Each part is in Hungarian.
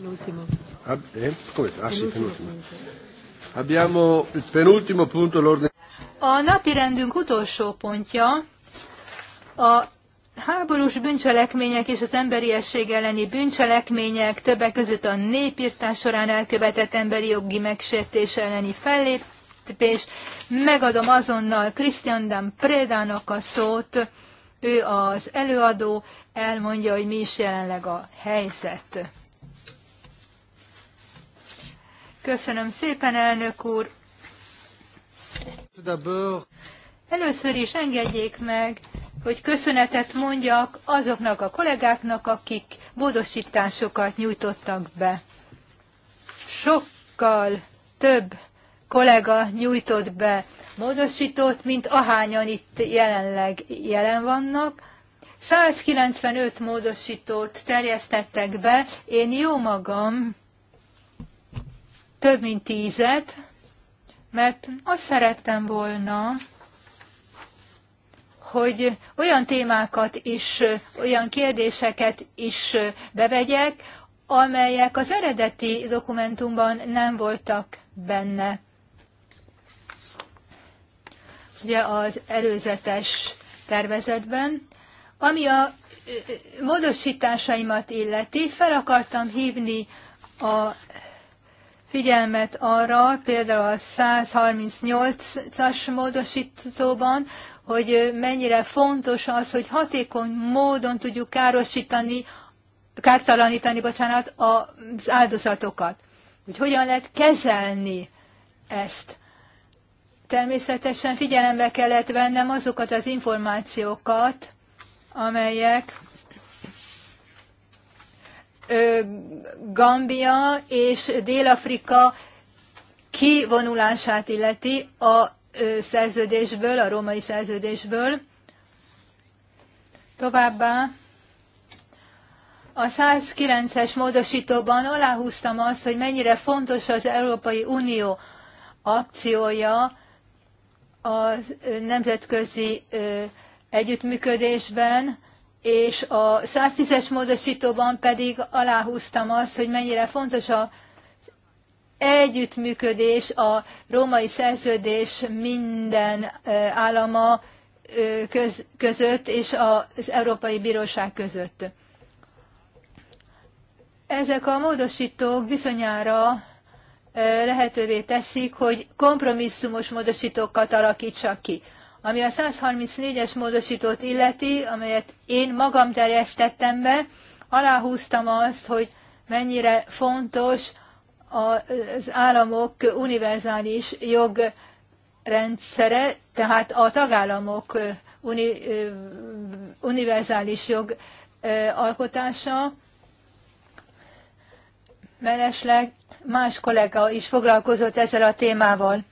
L'ultimo. Ah, eh? Come? Ah, sì, penultimo. Abbiamo il penultimo punto l'ordine. A napi rendünk utolsó pontja a háborús bűncselekmények és az emberiesség elleni bűncselekmények, többek között a népírtás során elkövetett emberi jogi megsértés elleni fellépés. Megadom azonnal Christian Dan Prédának a szót, ő az előadó, elmondja, hogy mi is jelenleg a helyzet. Köszönöm szépen, elnök úr! Először is engedjék meg, hogy köszönetet mondjak azoknak a kollégáknak, akik módosításokat nyújtottak be. Sokkal több kollega nyújtott be módosítót, mint ahányan itt jelenleg jelen vannak. 195 módosítót terjesztettek be, én jó magam több mint tízet, mert azt szerettem volna, hogy olyan témákat is, olyan kérdéseket is bevegyek, amelyek az eredeti dokumentumban nem voltak benne. Ugye az előzetes tervezetben. Ami a módosításaimat illeti, fel akartam hívni a figyelmet arra, például a 138-as módosítóban, hogy mennyire fontos az, hogy hatékony módon tudjuk károsítani, kártalanítani, bocsánat, az áldozatokat. Hogy hogyan lehet kezelni ezt. Természetesen figyelembe kellett vennem azokat az információkat, amelyek Gambia és Dél-Afrika kivonulását illeti a szerződésből, a római szerződésből. Továbbá a 109-es módosítóban aláhúztam azt, hogy mennyire fontos az Európai Unió akciója a nemzetközi együttműködésben, és a 110-es módosítóban pedig aláhúztam azt, hogy mennyire fontos a együttműködés a római szerződés minden állama köz, között és az Európai Bíróság között. Ezek a módosítók bizonyára lehetővé teszik, hogy kompromisszumos módosítókat alakítsak ki. Ami a 134-es módosítót illeti, amelyet én magam terjesztettem be, aláhúztam azt, hogy mennyire fontos az államok univerzális jogrendszere, tehát a tagállamok uni, univerzális jog alkotása. Mellesleg más kollega is foglalkozott ezzel a témával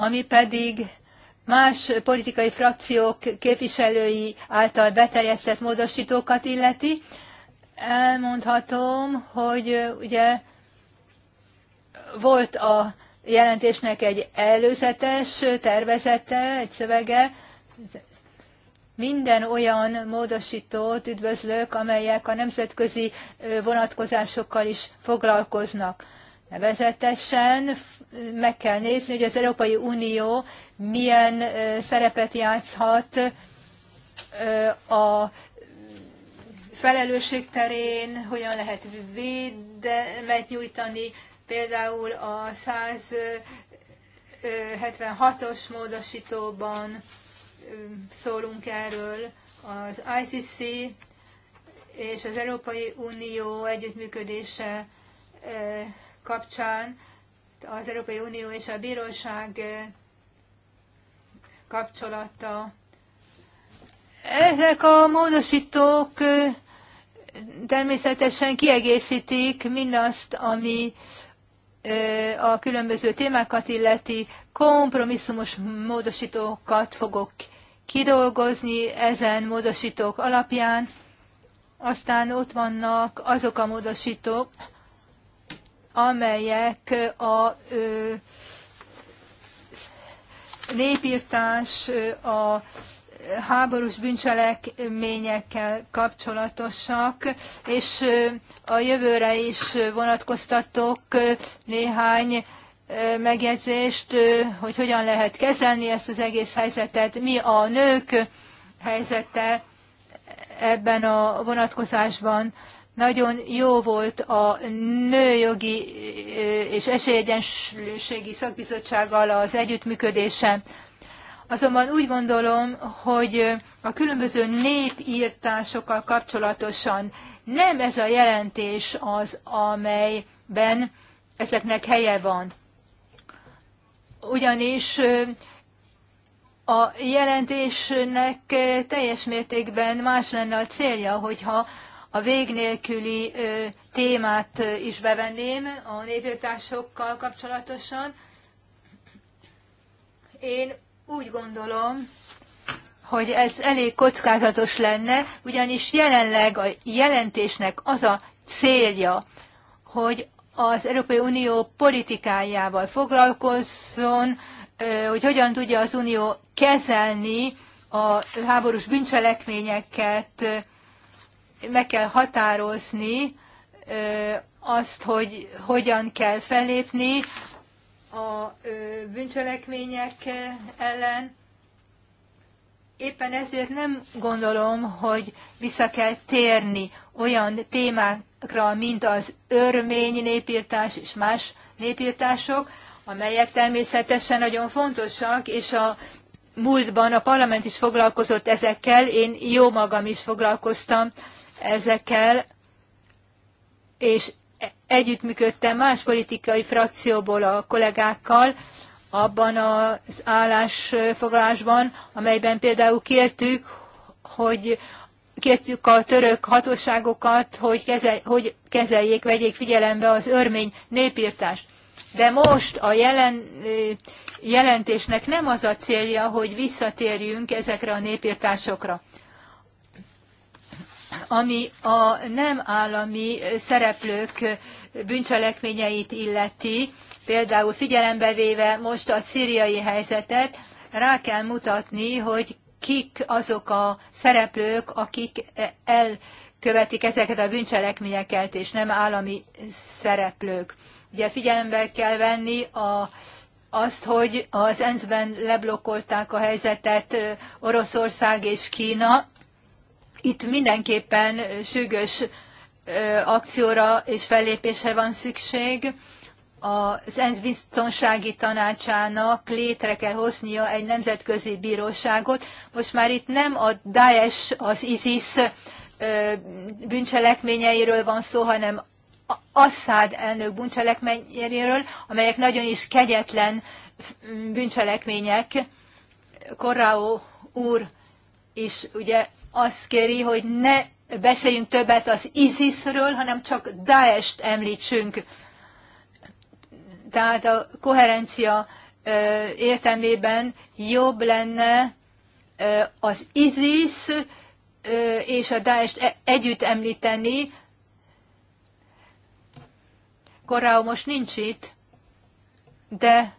ami pedig más politikai frakciók képviselői által beterjesztett módosítókat illeti. Elmondhatom, hogy ugye volt a jelentésnek egy előzetes tervezete, egy szövege. Minden olyan módosítót üdvözlök, amelyek a nemzetközi vonatkozásokkal is foglalkoznak. Nevezetesen meg kell nézni, hogy az Európai Unió milyen szerepet játszhat a felelősség terén, hogyan lehet védelmet nyújtani, például a 176-os módosítóban szólunk erről, az ICC és az Európai Unió együttműködése kapcsán az Európai Unió és a bíróság kapcsolata. Ezek a módosítók természetesen kiegészítik mindazt, ami a különböző témákat illeti kompromisszumos módosítókat fogok kidolgozni ezen módosítók alapján. Aztán ott vannak azok a módosítók, amelyek a népírtás, a háborús bűncselekményekkel kapcsolatosak, és a jövőre is vonatkoztatok néhány megjegyzést, hogy hogyan lehet kezelni ezt az egész helyzetet, mi a nők helyzete ebben a vonatkozásban. Nagyon jó volt a nőjogi és esélyegyenlőségi szakbizottsággal az együttműködése. Azonban úgy gondolom, hogy a különböző népírtásokkal kapcsolatosan nem ez a jelentés az, amelyben ezeknek helye van. Ugyanis a jelentésnek teljes mértékben más lenne a célja, hogyha a vég nélküli témát is bevenném a népírtásokkal kapcsolatosan. Én úgy gondolom, hogy ez elég kockázatos lenne, ugyanis jelenleg a jelentésnek az a célja, hogy az Európai Unió politikájával foglalkozzon, hogy hogyan tudja az Unió kezelni a háborús bűncselekményeket, meg kell határozni azt, hogy hogyan kell felépni a bűncselekmények ellen. Éppen ezért nem gondolom, hogy vissza kell térni olyan témákra, mint az örmény népírtás és más népírtások, amelyek természetesen nagyon fontosak, és a múltban a parlament is foglalkozott ezekkel, én jó magam is foglalkoztam ezekkel, és együttműködtem más politikai frakcióból a kollégákkal abban az állásfoglalásban, amelyben például kértük, hogy kértük a török hatóságokat, hogy, kezel, hogy kezeljék, vegyék figyelembe az örmény népírtást. De most a jelen, jelentésnek nem az a célja, hogy visszatérjünk ezekre a népírtásokra ami a nem állami szereplők bűncselekményeit illeti, például figyelembe véve most a szíriai helyzetet, rá kell mutatni, hogy kik azok a szereplők, akik elkövetik ezeket a bűncselekményeket, és nem állami szereplők. Ugye figyelembe kell venni a, azt, hogy az ENSZ-ben leblokkolták a helyzetet Oroszország és Kína, itt mindenképpen sürgős akcióra és fellépésre van szükség. Az ENSZ biztonsági tanácsának létre kell hoznia egy nemzetközi bíróságot. Most már itt nem a Daesh, az ISIS bűncselekményeiről van szó, hanem Assad elnök bűncselekményeiről, amelyek nagyon is kegyetlen mm, bűncselekmények. Korraó úr és ugye azt kéri, hogy ne beszéljünk többet az ISIS-ről, hanem csak Daesh-t említsünk. Tehát a koherencia értelmében jobb lenne az ISIS és a Daest e- együtt említeni. Korau most nincs itt, de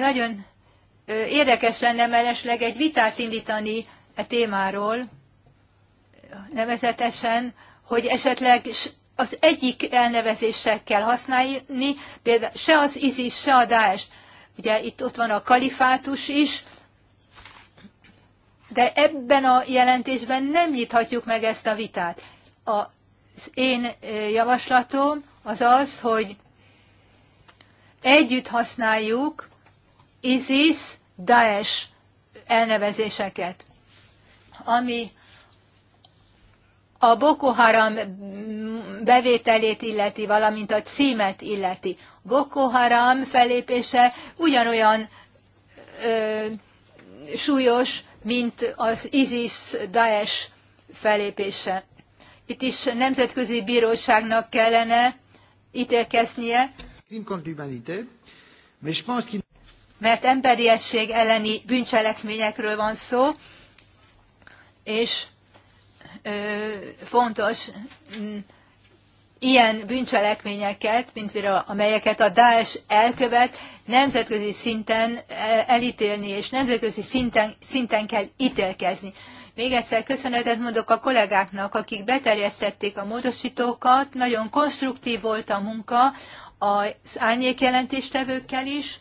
nagyon érdekes lenne mellesleg egy vitát indítani e témáról, nevezetesen, hogy esetleg az egyik elnevezéssel kell használni, például se az ISIS, se a Daesh. Ugye itt ott van a kalifátus is, de ebben a jelentésben nem nyithatjuk meg ezt a vitát. Az én javaslatom az az, hogy együtt használjuk ISIS, Daesh elnevezéseket ami a Boko Haram bevételét illeti, valamint a címet illeti. Boko Haram felépése ugyanolyan ö, súlyos, mint az ISIS-Daesh felépése. Itt is nemzetközi bíróságnak kellene ítélkeznie, mert emberiesség elleni bűncselekményekről van szó, és fontos mm, ilyen bűncselekményeket, mint például amelyeket a Daesh elkövet, nemzetközi szinten e, elítélni, és nemzetközi szinten, szinten kell ítélkezni. Még egyszer köszönetet mondok a kollégáknak, akik beterjesztették a módosítókat. Nagyon konstruktív volt a munka az árnyékjelentéstevőkkel is.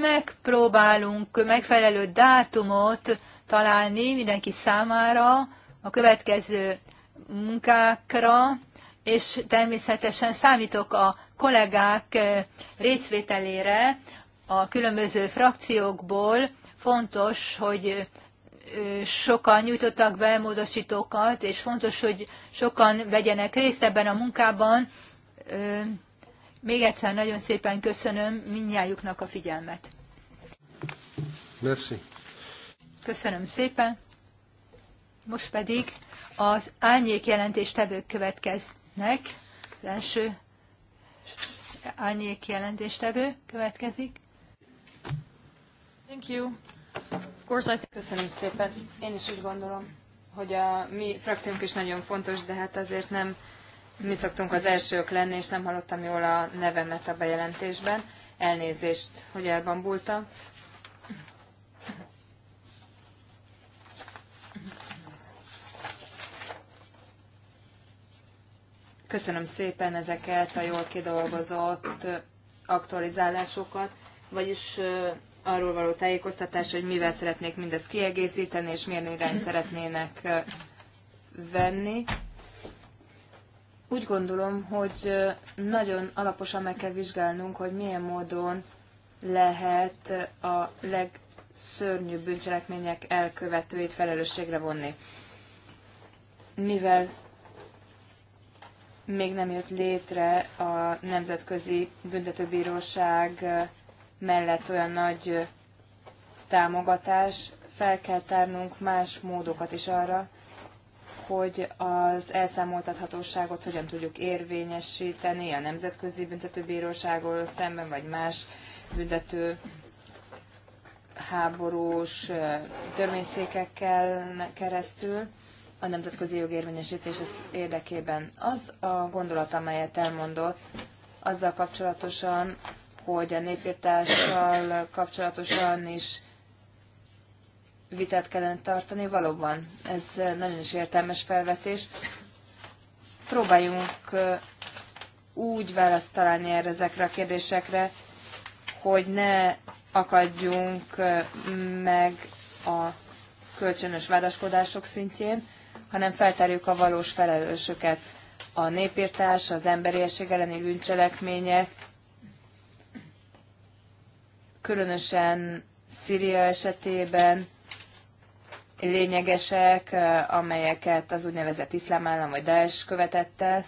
Megpróbálunk megfelelő dátumot találni mindenki számára a következő munkákra, és természetesen számítok a kollégák eh, részvételére a különböző frakciókból. Fontos, hogy eh, sokan nyújtottak be módosítókat, és fontos, hogy sokan vegyenek részt ebben a munkában. Eh, még egyszer nagyon szépen köszönöm mindnyájuknak a figyelmet. Merci. Köszönöm szépen. Most pedig az árnyék jelentéstevők következnek. Az első árnyék jelentéstevő következik. Thank you. Of course I Köszönöm szépen. Én is úgy gondolom, hogy a mi frakciónk is nagyon fontos, de hát azért nem mi szoktunk az elsők lenni, és nem hallottam jól a nevemet a bejelentésben. Elnézést, hogy elbambultam. Köszönöm szépen ezeket a jól kidolgozott aktualizálásokat, vagyis arról való tájékoztatás, hogy mivel szeretnék mindezt kiegészíteni, és milyen irányt szeretnének venni. Úgy gondolom, hogy nagyon alaposan meg kell vizsgálnunk, hogy milyen módon lehet a legszörnyűbb bűncselekmények elkövetőit felelősségre vonni. Mivel még nem jött létre a Nemzetközi Büntetőbíróság mellett olyan nagy támogatás, fel kell tárnunk más módokat is arra, hogy az elszámoltathatóságot hogyan tudjuk érvényesíteni a Nemzetközi Büntetőbíróságról szemben, vagy más büntető háborús törvényszékekkel keresztül a nemzetközi jogérvényesítés érdekében. Az a gondolat, amelyet elmondott, azzal kapcsolatosan, hogy a népírtással kapcsolatosan is vitát kellene tartani. Valóban, ez nagyon is értelmes felvetés. Próbáljunk úgy választ találni erre ezekre a kérdésekre, hogy ne akadjunk meg a kölcsönös vádaskodások szintjén, hanem feltárjuk a valós felelősöket. A népírtás, az emberiesség elleni bűncselekmények, különösen Szíria esetében lényegesek, eh, amelyeket az úgynevezett iszlám állam vagy Daesh követett el.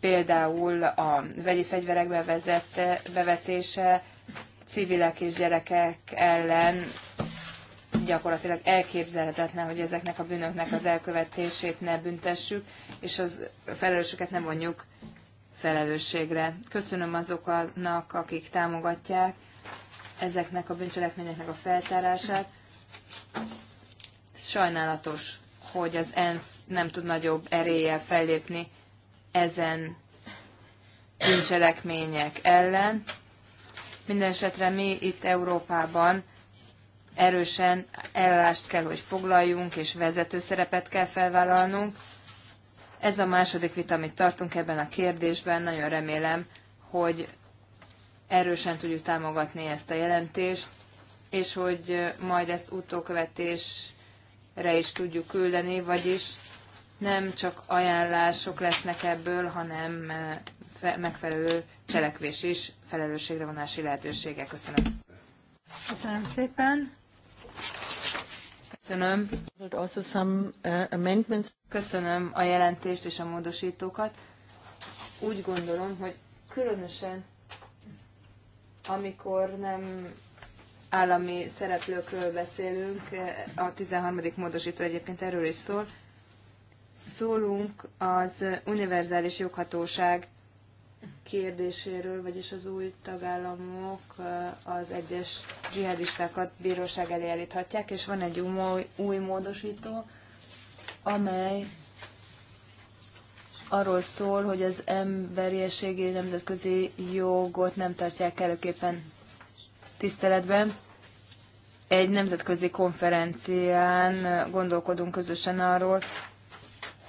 Például a vegyi fegyverek bevezette, bevetése, civilek és gyerekek ellen gyakorlatilag elképzelhetetlen, hogy ezeknek a bűnöknek az elkövetését ne büntessük, és az felelősöket nem vonjuk felelősségre. Köszönöm azoknak, akik támogatják ezeknek a bűncselekményeknek a feltárását. Sajnálatos, hogy az ENSZ nem tud nagyobb eréllyel fellépni ezen bűncselekmények ellen. Mindenesetre mi itt Európában erősen ellást kell, hogy foglaljunk, és vezető szerepet kell felvállalnunk. Ez a második vita, amit tartunk ebben a kérdésben, nagyon remélem, hogy erősen tudjuk támogatni ezt a jelentést, és hogy majd ezt utókövetésre is tudjuk küldeni, vagyis nem csak ajánlások lesznek ebből, hanem eh, megfelelő cselekvés is, felelősségre vonási lehetőségek. Köszönöm. Köszönöm szépen. Köszönöm. Köszönöm a jelentést és a módosítókat. Úgy gondolom, hogy különösen amikor nem állami szereplőkről beszélünk, a 13. módosító egyébként erről is szól, szólunk az univerzális joghatóság kérdéséről, vagyis az új tagállamok eh, az egyes zsihadistákat bíróság elé állíthatják, és van egy új, új módosító, amely arról szól, hogy az emberiességi nemzetközi jogot nem tartják előképpen tiszteletben. Egy nemzetközi konferencián eh, gondolkodunk közösen arról,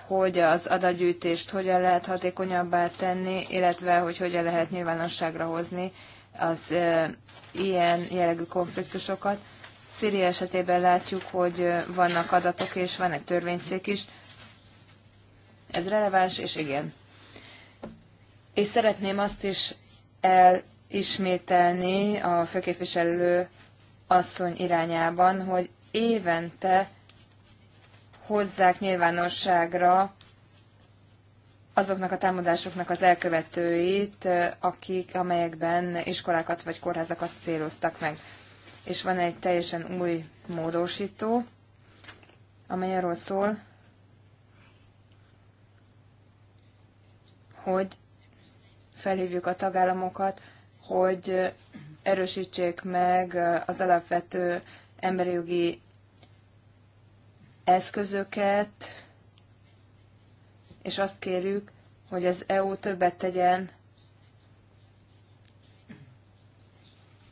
hogy az adagyűjtést hogyan lehet hatékonyabbá tenni, illetve hogy hogyan lehet nyilvánosságra hozni az ilyen jellegű konfliktusokat. Szíria esetében látjuk, hogy vannak adatok, és van egy törvényszék is. Ez releváns, és igen. És szeretném azt is elismételni a főképviselő asszony irányában, hogy évente hozzák nyilvánosságra azoknak a támadásoknak az elkövetőit, akik, amelyekben iskolákat vagy kórházakat céloztak meg. És van egy teljesen új módosító, amely arról szól, hogy felhívjuk a tagállamokat, hogy erősítsék meg az alapvető emberi jogi eszközöket, és azt kérjük, hogy az EU többet tegyen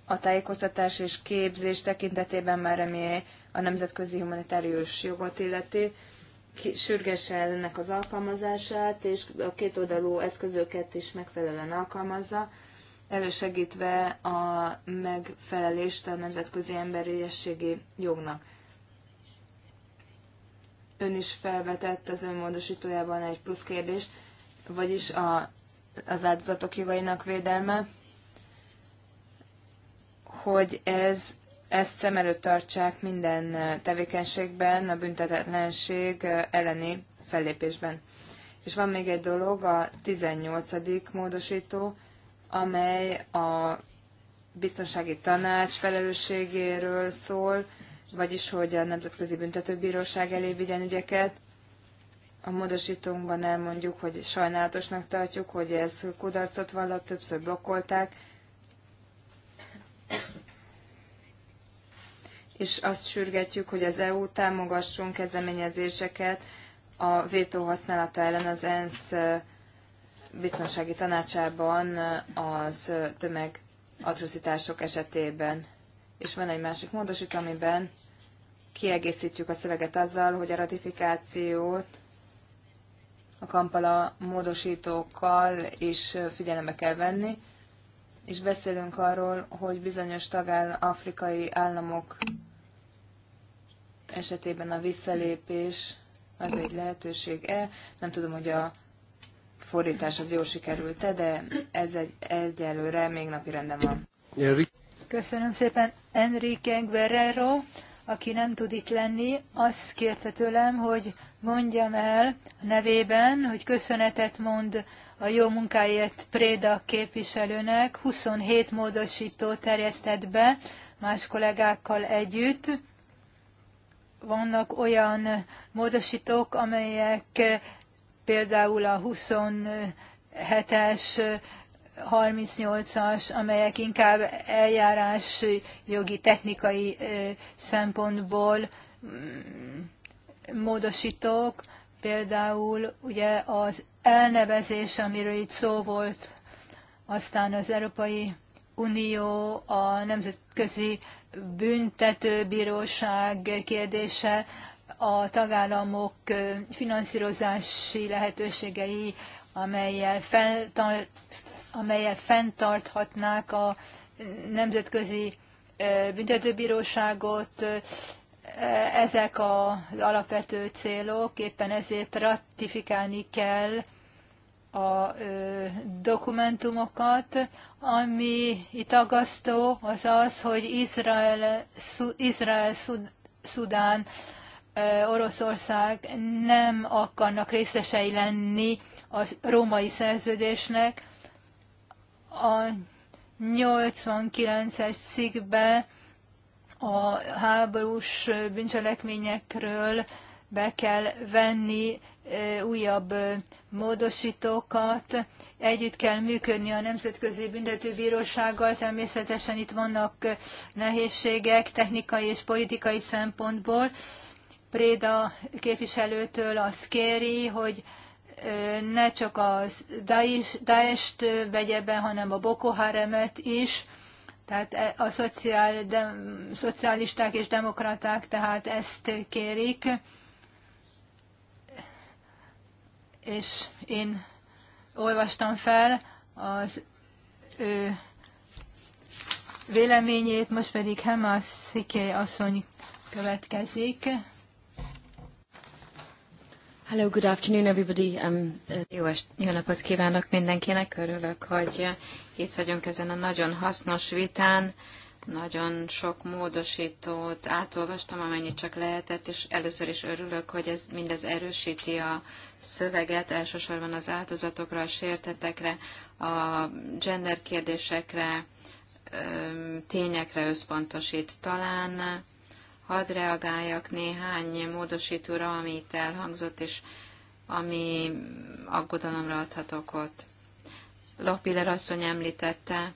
a tájékoztatás és képzés tekintetében már ami a nemzetközi humanitárius jogot illeti, sürgesse ennek az alkalmazását, és a kétoldalú eszközöket is megfelelően alkalmazza, elősegítve a megfelelést a nemzetközi emberi jognak ön is felvetett az önmódosítójában egy plusz kérdést, vagyis a, az áldozatok jogainak védelme, hogy ez, ezt szem előtt tartsák minden tevékenységben, a büntetetlenség elleni fellépésben. És van még egy dolog, a 18. módosító, amely a biztonsági tanács felelősségéről szól, vagyis hogy a Nemzetközi Büntetőbíróság elé vigyen ügyeket. A módosítónkban elmondjuk, hogy sajnálatosnak tartjuk, hogy ez kudarcot vallott, többször blokkolták, és azt sürgetjük, hogy az EU támogasson kezdeményezéseket a vétó használata ellen az ENSZ biztonsági tanácsában az tömegatrocitások esetében. És van egy másik módosító, amiben kiegészítjük a szöveget azzal, hogy a ratifikációt a kampala módosítókkal is figyelembe kell venni, és beszélünk arról, hogy bizonyos tagáll afrikai államok esetében a visszalépés az egy lehetőség-e. Nem tudom, hogy a fordítás az jól sikerült-e, de ez egy, egyelőre még napi renden van. Köszönöm szépen, Enrique Guerrero aki nem tud itt lenni, azt kérte tőlem, hogy mondjam el a nevében, hogy köszönetet mond a jó munkáért Préda képviselőnek. 27 módosító terjesztett be más kollégákkal együtt. Vannak olyan módosítók, amelyek például a 27-es 38-as, amelyek inkább eljárás jogi technikai szempontból mm, módosítók, például ugye az elnevezés, amiről itt szó volt, aztán az Európai Unió, a Nemzetközi Büntetőbíróság kérdése, a tagállamok finanszírozási lehetőségei, amelyel amelyel fenntarthatnák a nemzetközi büntetőbíróságot. Ezek az alapvető célok, éppen ezért ratifikálni kell a dokumentumokat. Ami itt aggasztó, az az, hogy Izrael, Izrael Szudán, Oroszország nem akarnak részesei lenni a római szerződésnek, a 89-es szikbe a háborús bűncselekményekről be kell venni újabb módosítókat. Együtt kell működni a Nemzetközi Büntetőbírósággal. Természetesen itt vannak nehézségek technikai és politikai szempontból. Préda képviselőtől azt kéri, hogy ne csak a Daesh-t vegye be, hanem a Boko Haremet is, tehát e, a szociál, de, szocialisták és demokraták tehát ezt kérik, és én olvastam fel az ő véleményét, most pedig Hemas Sziké asszony következik. Hello, good afternoon everybody. Um, uh... jó, est, jó napot kívánok mindenkinek, örülök, hogy itt vagyunk ezen a nagyon hasznos vitán. Nagyon sok módosítót átolvastam, amennyit csak lehetett, és először is örülök, hogy ez mindez erősíti a szöveget, elsősorban az áldozatokra, a sértetekre, a gender kérdésekre, tényekre összpontosít. Talán Hadd reagáljak néhány módosítóra, itt elhangzott, és ami aggodalomra adhat okot. Lopiller asszony említette,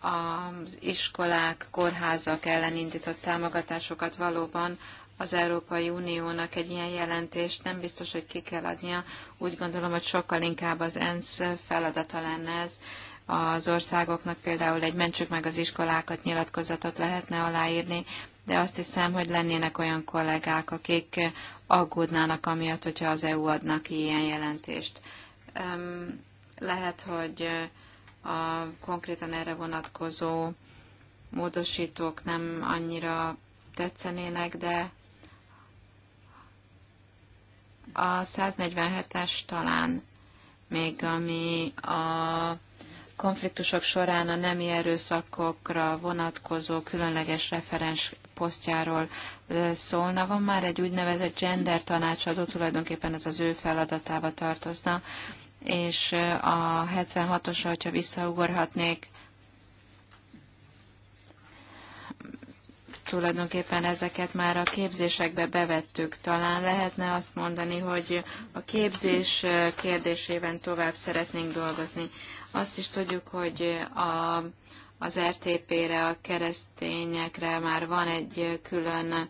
az iskolák, kórházak ellen indított támogatásokat valóban az Európai Uniónak egy ilyen jelentést nem biztos, hogy ki kell adnia. Úgy gondolom, hogy sokkal inkább az ENSZ feladata lenne ez. Az országoknak például egy mentsük meg az iskolákat nyilatkozatot lehetne aláírni, de azt hiszem, hogy lennének olyan kollégák, akik aggódnának amiatt, hogyha az EU adnak ilyen jelentést. Lehet, hogy a konkrétan erre vonatkozó módosítók nem annyira tetszenének, de a 147-es talán még ami a konfliktusok során a nemi erőszakokra vonatkozó különleges referens posztjáról szólna. Van már egy úgynevezett gender tanácsadó, tulajdonképpen ez az ő feladatába tartozna, és a 76-osra, hogyha visszaugorhatnék, tulajdonképpen ezeket már a képzésekbe bevettük. Talán lehetne azt mondani, hogy a képzés kérdésében tovább szeretnénk dolgozni. Azt is tudjuk, hogy a, az RTP-re, a keresztényekre már van egy külön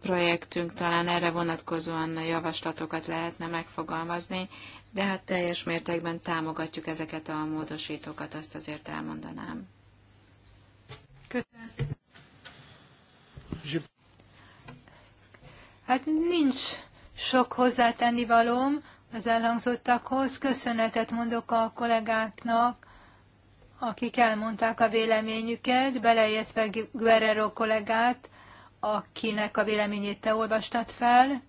projektünk, talán erre vonatkozóan javaslatokat lehetne megfogalmazni, de hát teljes mértékben támogatjuk ezeket a módosítókat, azt azért elmondanám. Köszönöm Hát nincs sok hozzátennivalóm az elhangzottakhoz. Köszönetet mondok a kollégáknak, akik elmondták a véleményüket, beleértve Guerrero kollégát, akinek a véleményét te olvastad fel.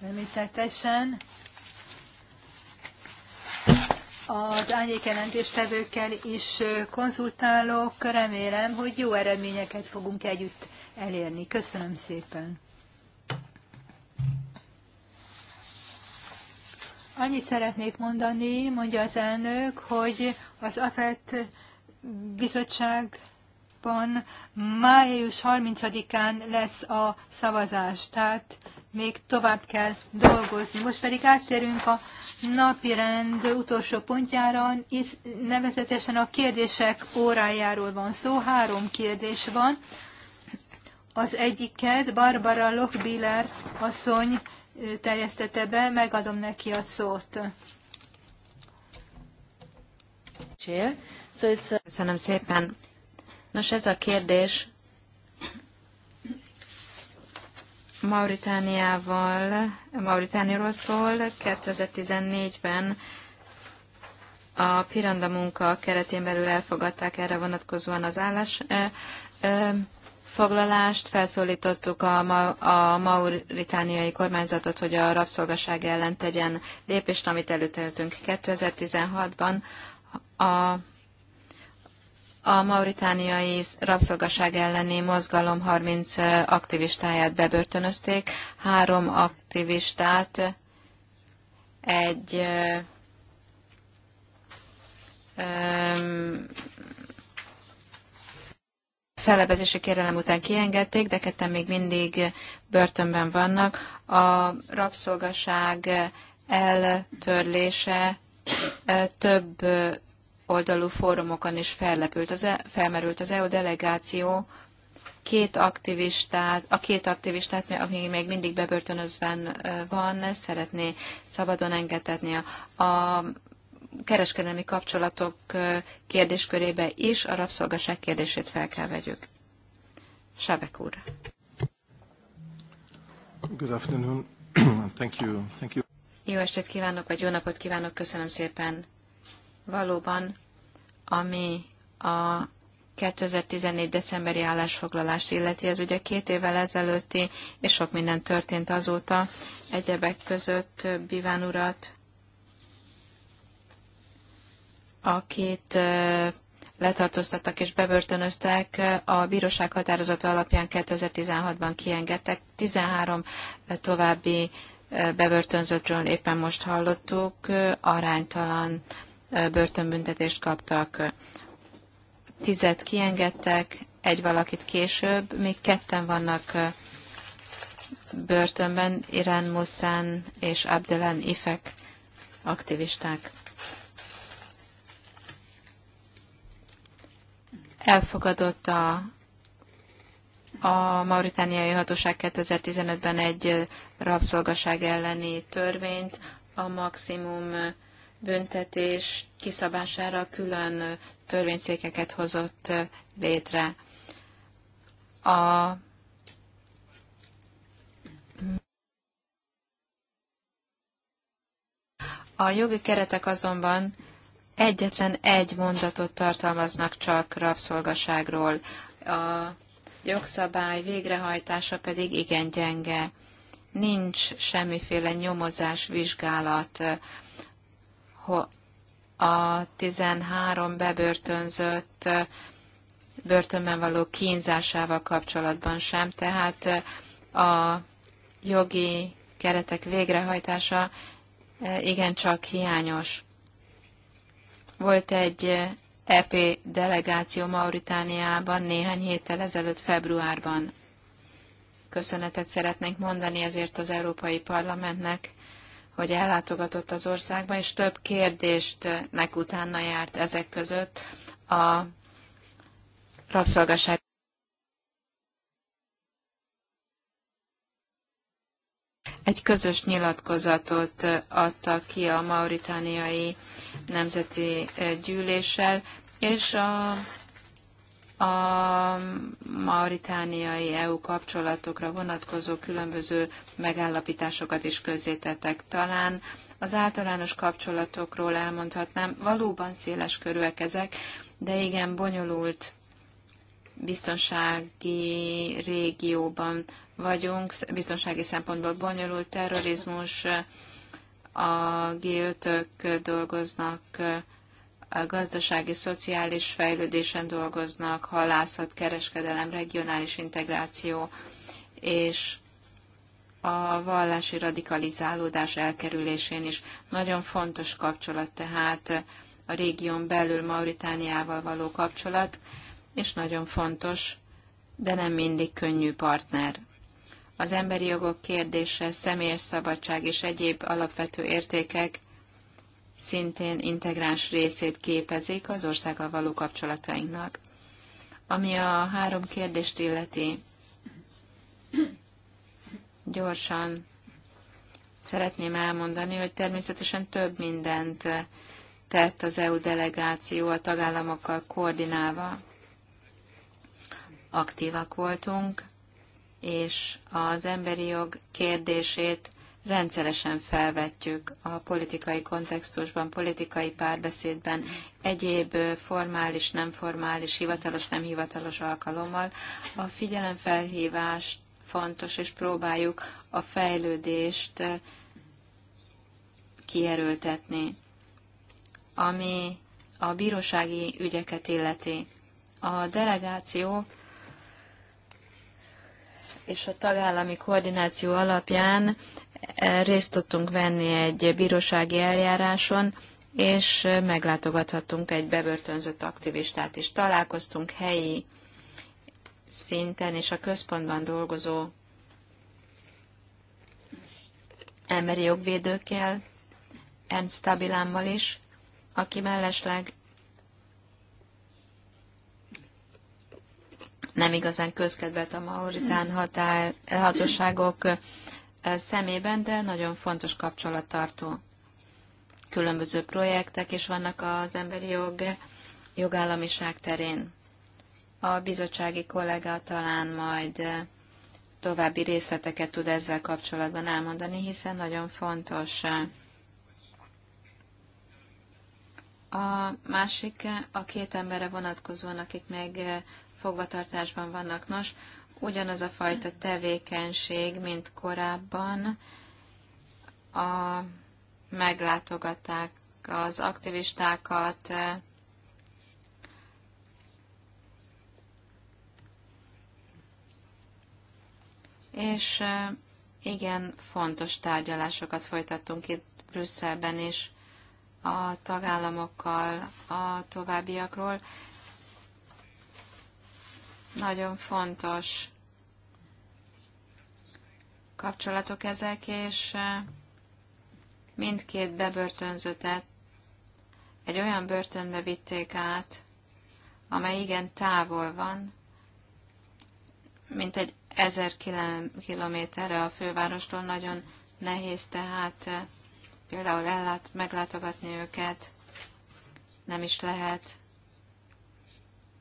Természetesen az árnyékjelentéstevőkkel is konzultálok. Remélem, hogy jó eredményeket fogunk együtt elérni. Köszönöm szépen! Annyit szeretnék mondani, mondja az elnök, hogy az AFET bizottságban május 30-án lesz a szavazás, tehát még tovább kell dolgozni. Most pedig áttérünk a napi rend utolsó pontjára, itt nevezetesen a kérdések órájáról van szó, három kérdés van. Az egyiket Barbara Lochbiller asszony terjesztette be, megadom neki a szót. Köszönöm szépen. Nos, ez a kérdés Mauritániával, Mauritániról szól. 2014-ben a Piranda munka keretén belül elfogadták erre vonatkozóan az állás állásfoglalást, felszólítottuk a, ma, a mauritániai kormányzatot, hogy a rabszolgaság ellen tegyen lépést, amit előteltünk 2016-ban. A, a mauritániai rabszolgaság elleni mozgalom 30 aktivistáját bebörtönözték, három aktivistát egy ö, fellebezési kérelem után kiengedték, de ketten még mindig börtönben vannak. A rabszolgaság eltörlése több oldalú fórumokon is fellepült, az, e, felmerült az EU delegáció két aktivistát, a két aktivistát, aki még mindig bebörtönözve van, szeretné szabadon engedetni. A, a kereskedelmi kapcsolatok kérdéskörébe is a rabszolgaság kérdését fel kell vegyük. Sábek úr. Good afternoon. Thank you. Thank you. Jó estét kívánok, vagy jó napot kívánok, köszönöm szépen. Valóban, ami a 2014. decemberi állásfoglalást illeti, ez ugye két évvel ezelőtti, és sok minden történt azóta. Egyebek között Biván urat akit letartóztattak és bebörtönöztek, a bíróság határozata alapján 2016-ban kiengedtek. 13 további bebörtönzöttről éppen most hallottuk, aránytalan börtönbüntetést kaptak. Tizet kiengedtek, egy valakit később, még ketten vannak börtönben, Irán Muszán és Abdelán Ifek aktivisták. elfogadott a, a mauritániai hatóság 2015-ben egy rabszolgaság elleni törvényt, a maximum büntetés kiszabására külön törvényszékeket hozott létre. A A jogi keretek azonban egyetlen egy mondatot tartalmaznak csak rabszolgaságról. A jogszabály végrehajtása pedig igen gyenge. Nincs semmiféle nyomozás, vizsgálat. A 13 bebörtönzött börtönben való kínzásával kapcsolatban sem, tehát a jogi keretek végrehajtása eh, igencsak hiányos. Volt egy EP eh, e delegáció Mauritániában néhány héttel ezelőtt februárban. Köszönetet szeretnénk mondani ezért az Európai Parlamentnek, hogy ellátogatott az országba, és több kérdést eh, nek utána járt ezek között a rabszolgaság. Egy közös nyilatkozatot eh, adtak ki a mauritániai nemzeti gyűléssel, és a, a mauritániai EU kapcsolatokra vonatkozó különböző megállapításokat is közzétettek. Talán az általános kapcsolatokról elmondhatnám, valóban széles körűek ezek, de igen bonyolult biztonsági régióban vagyunk, biztonsági szempontból bonyolult terrorizmus, a G5-ök dolgoznak, a gazdasági, szociális fejlődésen dolgoznak, halászat, kereskedelem, regionális integráció és a vallási radikalizálódás elkerülésén is. Nagyon fontos kapcsolat tehát a régión belül Mauritániával való kapcsolat, és nagyon fontos, de nem mindig könnyű partner az emberi jogok kérdése, személyes szabadság és egyéb alapvető értékek szintén integráns részét képezik az országgal való kapcsolatainknak. Ami a három kérdést illeti, gyorsan szeretném elmondani, hogy természetesen több mindent tett az EU delegáció a tagállamokkal koordinálva. Aktívak voltunk, és az emberi jog kérdését rendszeresen felvetjük a politikai kontextusban, politikai párbeszédben, egyéb formális, nem formális, hivatalos, nem hivatalos alkalommal. A figyelemfelhívás fontos, és próbáljuk a fejlődést kierőltetni. Ami a bírósági ügyeket illeti. A delegáció és a tagállami koordináció alapján eh, részt tudtunk venni egy bírósági eljáráson, és eh, meglátogathattunk egy bebörtönzött aktivistát is. Találkoztunk helyi szinten és a központban dolgozó emberi jogvédőkkel, Ernst Stabilámmal is, aki mellesleg nem igazán közkedvet a mauritán határ, hatóságok szemében, de nagyon fontos kapcsolattartó. Különböző projektek is vannak az emberi jog, jogállamiság terén. A bizottsági kollega talán majd további részleteket tud ezzel kapcsolatban elmondani, hiszen nagyon fontos. A másik a két emberre vonatkozóan, akik még fogvatartásban vannak. Nos, ugyanaz a fajta tevékenység, mint korábban a, meglátogatták az aktivistákat, és igen, fontos tárgyalásokat folytattunk itt Brüsszelben is a tagállamokkal a továbbiakról. Nagyon fontos kapcsolatok ezek, és mindkét bebörtönzötet egy olyan börtönbe vitték át, amely igen távol van, mint egy ezer kilométerre a fővárostól, nagyon nehéz tehát például ellát, meglátogatni őket, nem is lehet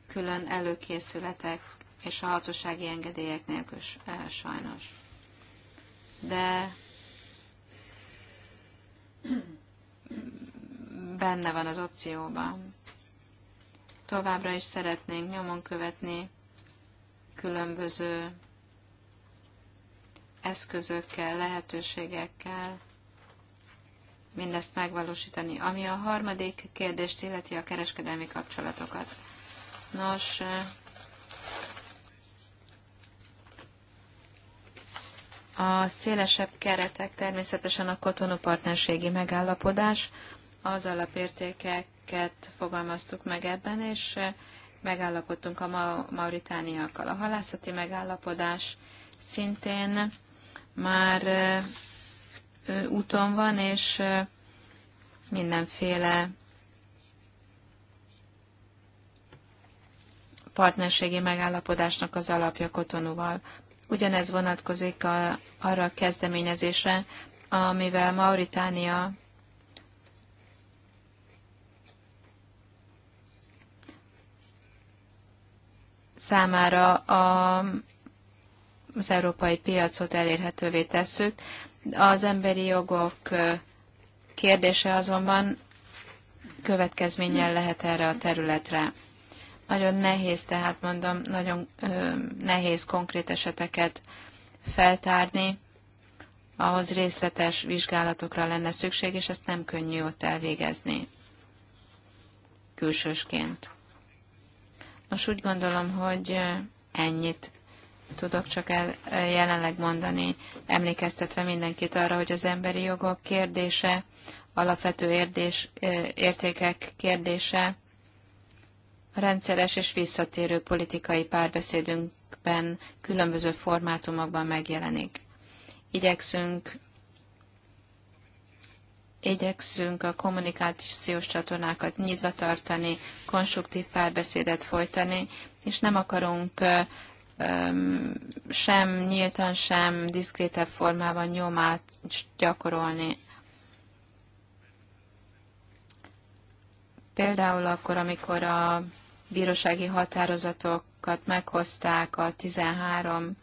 külön előkészületek és a hatósági engedélyek nélkül eh, sajnos. De benne van az opcióban. Továbbra is szeretnénk nyomon követni különböző eszközökkel, lehetőségekkel mindezt megvalósítani. Ami a harmadik kérdést illeti a kereskedelmi kapcsolatokat. Nos, a szélesebb keretek természetesen a katonopartnerségi partnerségi megállapodás, az alapértékeket fogalmaztuk meg ebben, és megállapodtunk a mauritániakkal. A halászati megállapodás szintén már úton van, és mindenféle partnerségi megállapodásnak az alapja Kotonuval. Ugyanez vonatkozik a, arra a kezdeményezésre, amivel Mauritánia számára a, az európai piacot elérhetővé tesszük. Az emberi jogok kérdése azonban következménnyel lehet erre a területre. Nagyon nehéz, tehát mondom, nagyon ö, nehéz konkrét eseteket feltárni, ahhoz részletes vizsgálatokra lenne szükség, és ezt nem könnyű ott elvégezni külsősként. Most úgy gondolom, hogy ennyit tudok csak el, jelenleg mondani, emlékeztetve mindenkit arra, hogy az emberi jogok kérdése, alapvető érdés, értékek kérdése rendszeres és visszatérő politikai párbeszédünkben különböző formátumokban megjelenik. Igyekszünk igyekszünk a kommunikációs csatornákat nyitva tartani, konstruktív párbeszédet folytani, és nem akarunk sem nyíltan, sem diszkrétebb formában nyomát gyakorolni. Például akkor, amikor a bírósági határozatokat meghozták a 13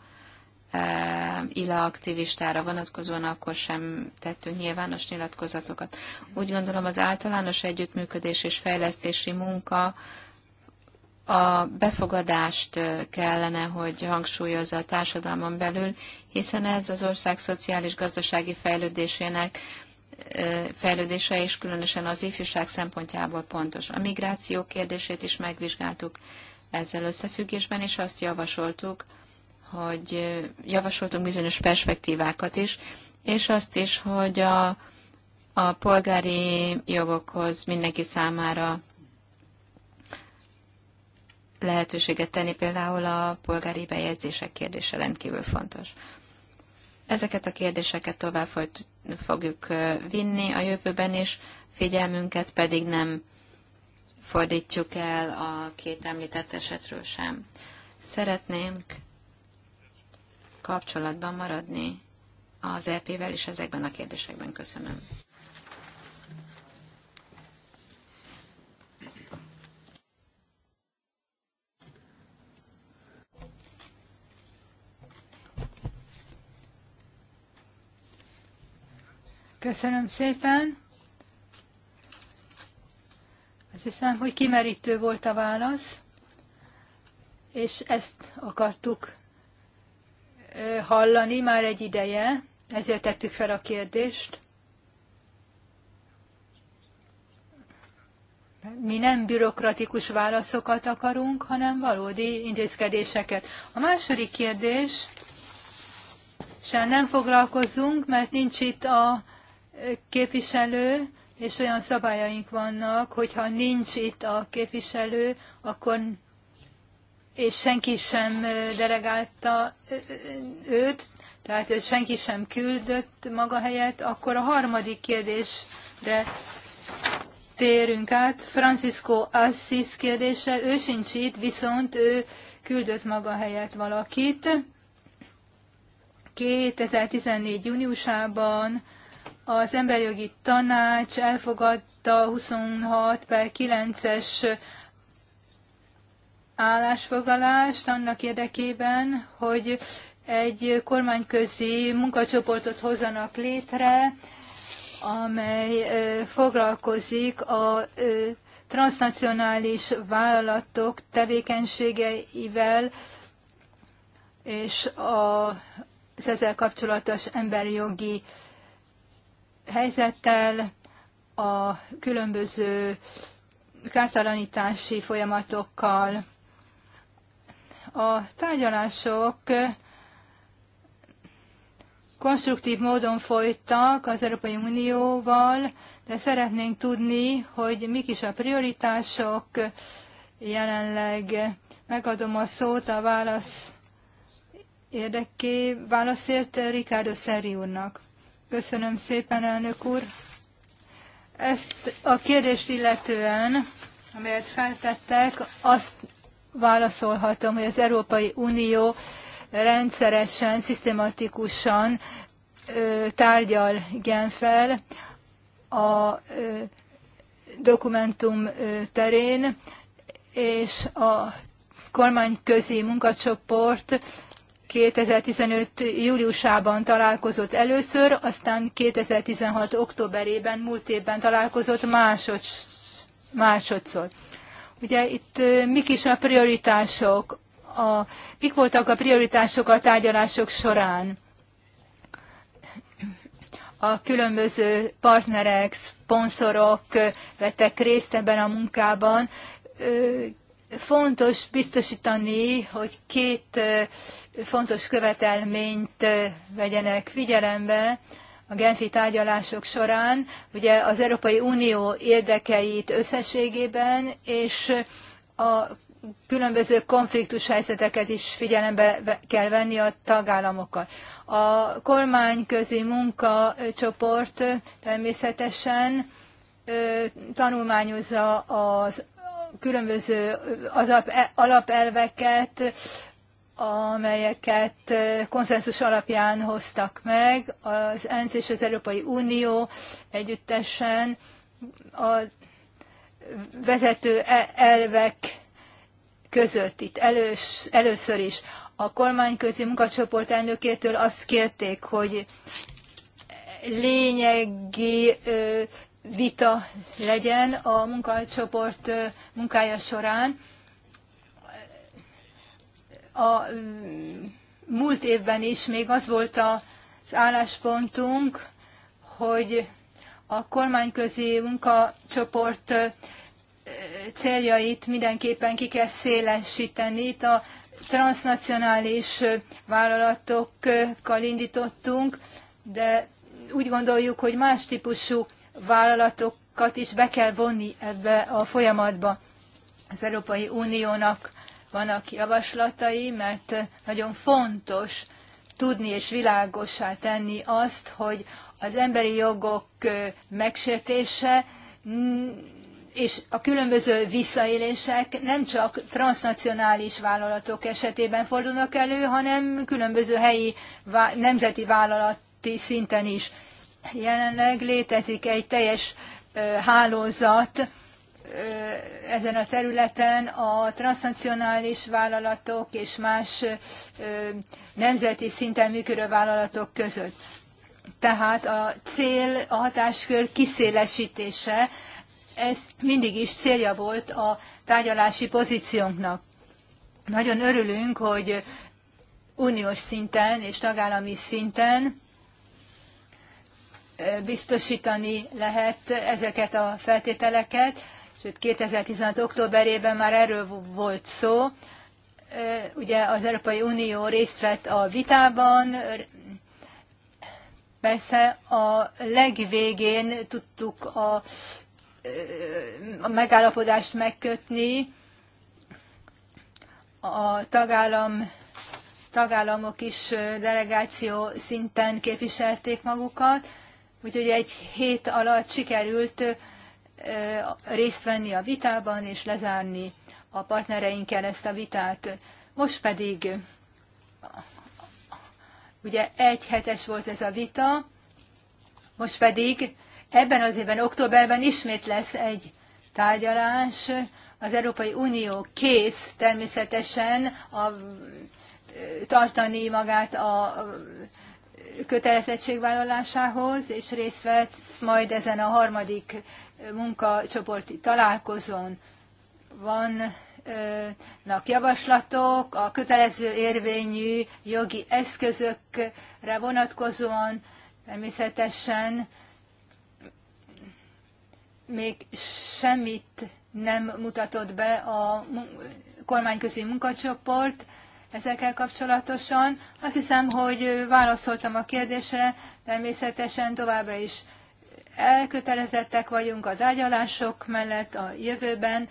e, ILA aktivistára vonatkozóan, akkor sem tettünk nyilvános nyilatkozatokat. Úgy gondolom az általános együttműködés és fejlesztési munka a befogadást kellene, hogy hangsúlyozza a társadalmon belül, hiszen ez az ország szociális-gazdasági fejlődésének fejlődése, és különösen az ifjúság szempontjából pontos. A migráció kérdését is megvizsgáltuk ezzel összefüggésben, és azt javasoltuk, hogy javasoltunk bizonyos perspektívákat is, és azt is, hogy a, a polgári jogokhoz mindenki számára lehetőséget tenni, például a polgári bejegyzések kérdése rendkívül fontos. Ezeket a kérdéseket tovább fogjuk vinni a jövőben is, figyelmünket pedig nem fordítjuk el a két említett esetről sem. Szeretnénk kapcsolatban maradni az EP-vel, és ezekben a kérdésekben köszönöm. Köszönöm szépen. Azt hiszem, hogy kimerítő volt a válasz, és ezt akartuk hallani már egy ideje, ezért tettük fel a kérdést. Mi nem bürokratikus válaszokat akarunk, hanem valódi intézkedéseket. A második kérdés, sem nem foglalkozunk, mert nincs itt a képviselő, és olyan szabályaink vannak, hogyha nincs itt a képviselő, akkor és senki sem delegálta őt, tehát senki sem küldött maga helyett, akkor a harmadik kérdésre térünk át. Francisco Assis kérdése, ő sincs itt, viszont ő küldött maga helyett valakit. 2014. júniusában az emberjogi tanács elfogadta 26 per 9-es állásfoglalást annak érdekében, hogy egy kormányközi munkacsoportot hozzanak létre, amely foglalkozik a transnacionális vállalatok tevékenységeivel és az ezzel kapcsolatos emberi jogi helyzettel, a különböző kártalanítási folyamatokkal. A tárgyalások konstruktív módon folytak az Európai Unióval, de szeretnénk tudni, hogy mik is a prioritások jelenleg. Megadom a szót a válasz érdeké, válaszért Ricardo Szeri úrnak. Köszönöm szépen, elnök úr. Ezt a kérdést illetően, amelyet feltettek, azt válaszolhatom, hogy az Európai Unió rendszeresen, szisztematikusan tárgyal Genfel a dokumentum terén, és a kormányközi munkacsoport 2015. júliusában találkozott először, aztán 2016. októberében, múlt évben találkozott másodszor. Ugye itt mik is a prioritások, a, mik voltak a prioritások a tárgyalások során? a különböző partnerek, szponzorok vettek részt ebben a munkában. Fontos biztosítani, hogy két fontos követelményt vegyenek figyelembe a Genfi tárgyalások során, ugye az Európai Unió érdekeit összességében, és a különböző konfliktus helyzeteket is figyelembe kell venni a tagállamokkal. A kormányközi munkacsoport természetesen tanulmányozza az különböző e- alapelveket, amelyeket konszenzus alapján hoztak meg az ENSZ és az Európai Unió együttesen a vezető e- elvek között itt elős, először is a kormányközi munkacsoport elnökétől azt kérték, hogy lényegi vita legyen a munkacsoport munkája során. A múlt évben is még az volt az álláspontunk, hogy a kormányközi munkacsoport céljait mindenképpen ki kell szélesíteni. Itt a transnacionális vállalatokkal indítottunk, de úgy gondoljuk, hogy más típusú vállalatokat is be kell vonni ebbe a folyamatba. Az Európai Uniónak vannak javaslatai, mert nagyon fontos tudni és világossá tenni azt, hogy az emberi jogok megsértése mm, és a különböző visszaélések nem csak transnacionális vállalatok esetében fordulnak elő, hanem különböző helyi nemzeti vállalati szinten is. Jelenleg létezik egy teljes hálózat ezen a területen a transnacionális vállalatok és más nemzeti szinten működő vállalatok között. Tehát a cél, a hatáskör kiszélesítése, ez mindig is célja volt a tárgyalási pozíciónknak. Nagyon örülünk, hogy uniós szinten és tagállami szinten biztosítani lehet ezeket a feltételeket, sőt 2016. októberében már erről volt szó. Ugye az Európai Unió részt vett a vitában, persze a legvégén tudtuk a, a megállapodást megkötni, a tagállam, tagállamok is delegáció szinten képviselték magukat, Úgyhogy egy hét alatt sikerült részt venni a vitában és lezárni a partnereinkkel ezt a vitát. Most pedig, ugye egy hetes volt ez a vita, most pedig ebben az évben, októberben ismét lesz egy tárgyalás. Az Európai Unió kész természetesen a, tartani magát a kötelezettségvállalásához, és részt vesz majd ezen a harmadik munkacsoporti találkozón. Vannak javaslatok a kötelező érvényű jogi eszközökre vonatkozóan, természetesen még semmit nem mutatott be a kormányközi munkacsoport, ezekkel kapcsolatosan. Azt hiszem, hogy válaszoltam a kérdésre, természetesen továbbra is elkötelezettek vagyunk a tárgyalások mellett a jövőben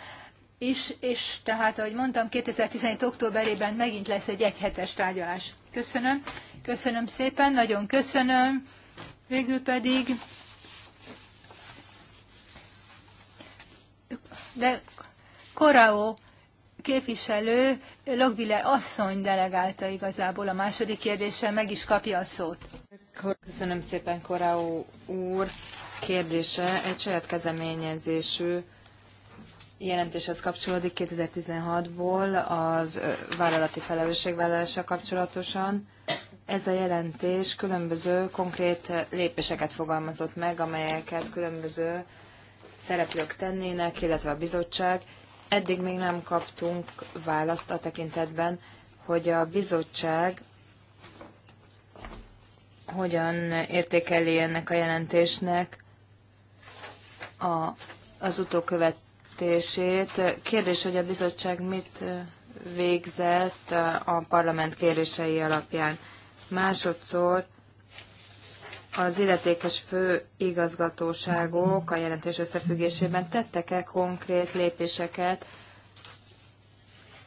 is, és tehát, ahogy mondtam, 2017. októberében megint lesz egy egyhetes tárgyalás. Köszönöm, köszönöm szépen, nagyon köszönöm. Végül pedig, de Koraó képviselő Logbiller asszony delegálta igazából a második kérdéssel, meg is kapja a szót. Köszönöm szépen, Koráó úr. Kérdése egy saját kezdeményezésű jelentéshez kapcsolódik 2016-ból az vállalati felelősségvállalása kapcsolatosan. Ez a jelentés különböző konkrét lépéseket fogalmazott meg, amelyeket különböző szereplők tennének, illetve a bizottság, Eddig még nem kaptunk választ a tekintetben, hogy a bizottság hogyan értékeli ennek a jelentésnek a, az utókövetését. Kérdés, hogy a bizottság mit végzett a parlament kérései alapján. Másodszor az illetékes főigazgatóságok a jelentés összefüggésében tettek-e konkrét lépéseket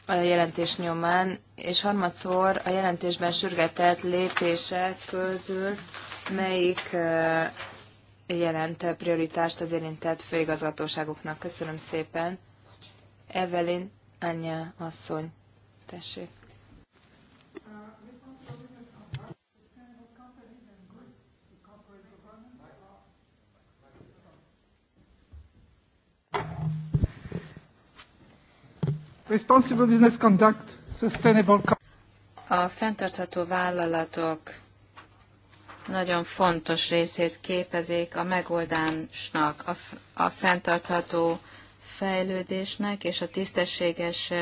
a jelentés nyomán, és harmadszor a jelentésben sürgetett lépések közül melyik jelent prioritást az érintett főigazgatóságoknak. Köszönöm szépen. Evelyn anyja, asszony, tessék. Responsible business conduct, sustainable... A fenntartható vállalatok nagyon fontos részét képezik a megoldásnak, a, a fenntartható fejlődésnek és a tisztességes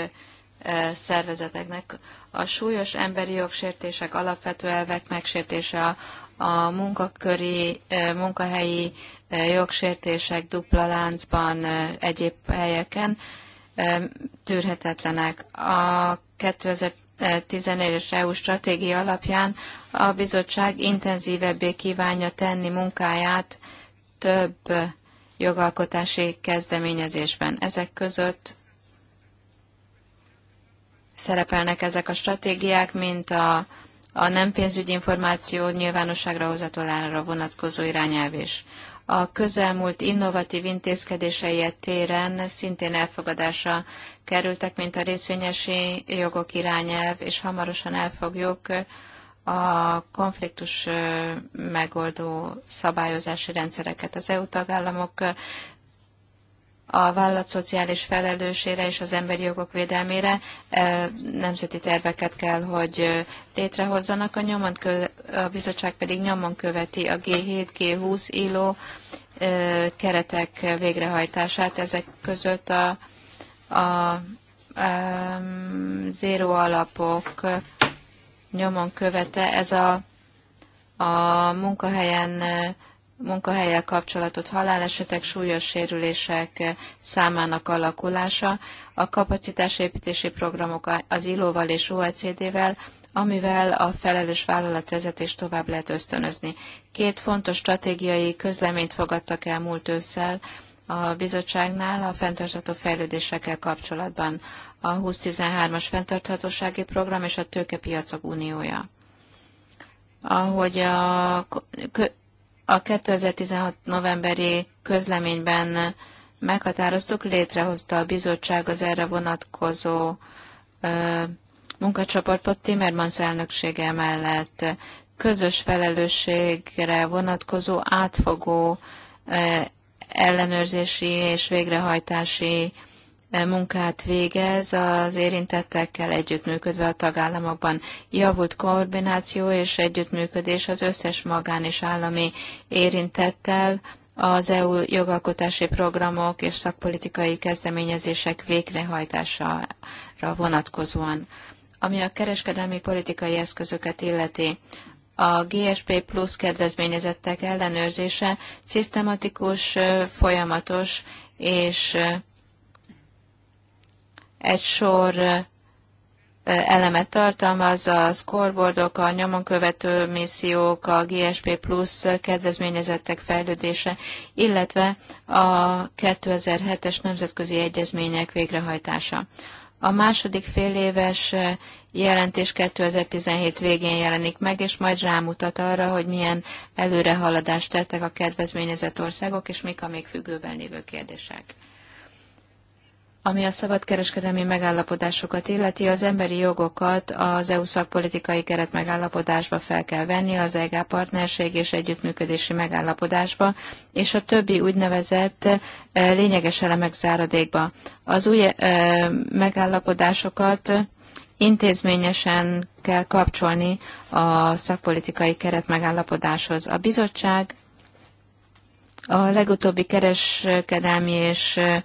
szervezeteknek. A súlyos emberi jogsértések, alapvető elvek megsértése, a, a munkaköri, munkahelyi jogsértések dupla láncban, egyéb helyeken tűrhetetlenek. A 2014-es EU stratégia alapján a bizottság intenzívebbé kívánja tenni munkáját több jogalkotási kezdeményezésben. Ezek között szerepelnek ezek a stratégiák, mint a, a nem pénzügyi információ nyilvánosságra hozatolára vonatkozó irányelv is a közelmúlt innovatív intézkedései e téren szintén elfogadásra kerültek, mint a részvényesi jogok irányelv, és hamarosan elfogjuk a konfliktus megoldó szabályozási rendszereket. Az EU tagállamok a vállalat szociális felelősére és az emberi jogok védelmére nemzeti terveket kell, hogy létrehozzanak. A, nyomon köve, a bizottság pedig nyomon követi a G7, G20 illó keretek végrehajtását. Ezek között a, a, a zéró alapok nyomon követe, ez a, a munkahelyen munkahelyek kapcsolatot, halálesetek, súlyos sérülések számának alakulása, a kapacitásépítési programok az ILO-val és OECD-vel, amivel a felelős vállalatvezetést tovább lehet ösztönözni. Két fontos stratégiai közleményt fogadtak el múlt ősszel a bizottságnál a fenntartható fejlődésekkel kapcsolatban, a 2013-as fenntarthatósági program és a tőkepiacok uniója. Ahogy a a 2016 novemberi közleményben meghatároztuk, létrehozta a bizottság az erre vonatkozó munkacsoportot Timmermans elnöksége mellett közös felelősségre vonatkozó átfogó ellenőrzési és végrehajtási munkát végez az érintettekkel együttműködve a tagállamokban. Javult koordináció és együttműködés az összes magán és állami érintettel, az EU jogalkotási programok és szakpolitikai kezdeményezések végrehajtására vonatkozóan. Ami a kereskedelmi politikai eszközöket illeti, a GSP plus kedvezményezettek ellenőrzése szisztematikus, folyamatos és egy sor elemet tartalmaz, a scoreboardok, a követő missziók, a GSP plusz kedvezményezettek fejlődése, illetve a 2007-es nemzetközi egyezmények végrehajtása. A második féléves jelentés 2017 végén jelenik meg, és majd rámutat arra, hogy milyen előrehaladást tettek a kedvezményezett országok, és mik a még függőben lévő kérdések ami a szabadkereskedelmi megállapodásokat illeti, az emberi jogokat az EU szakpolitikai keret megállapodásba fel kell venni, az EGA partnerség és együttműködési megállapodásba, és a többi úgynevezett e, lényeges elemek záradékba. Az új e, megállapodásokat intézményesen kell kapcsolni a szakpolitikai keret megállapodáshoz. A bizottság a legutóbbi kereskedelmi és e,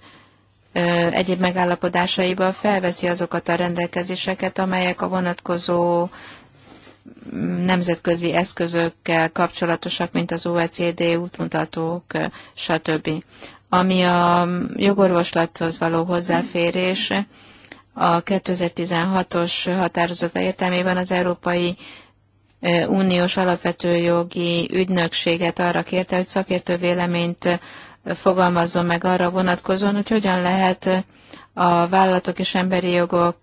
egyéb megállapodásaiban felveszi azokat a rendelkezéseket, amelyek a vonatkozó mm, nemzetközi eszközökkel kapcsolatosak, mint az OECD útmutatók, stb. Ami a jogorvoslathoz való hozzáférés, a 2016-os határozata értelmében az Európai Uniós Alapvető Jogi Ügynökséget arra kérte, hogy szakértő véleményt fogalmazzon meg arra vonatkozóan, hogy hogyan lehet a vállalatok és emberi jogok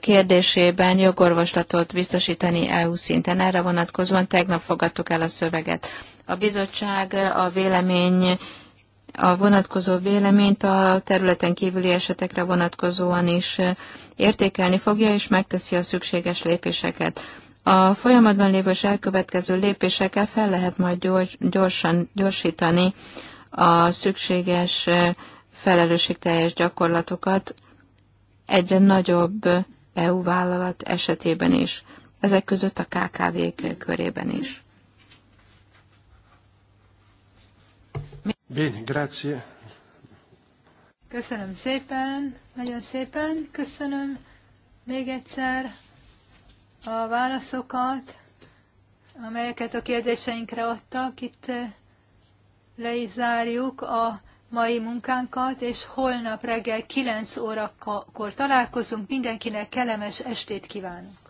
kérdésében jogorvoslatot biztosítani EU szinten. Erre vonatkozóan tegnap fogadtuk el a szöveget. A bizottság a vélemény a vonatkozó véleményt a területen kívüli esetekre vonatkozóan is értékelni fogja, és megteszi a szükséges lépéseket. A folyamatban lévő és elkövetkező lépésekkel fel lehet majd gyors, gyorsan gyorsítani a szükséges felelősségteljes gyakorlatokat egyre nagyobb EU vállalat esetében is, ezek között a KKV-k körében is. Bene, grazie. Köszönöm szépen, nagyon szépen köszönöm még egyszer a válaszokat, amelyeket a kérdéseinkre adtak itt le is zárjuk a mai munkánkat, és holnap reggel 9 órakor találkozunk. Mindenkinek kellemes estét kívánunk.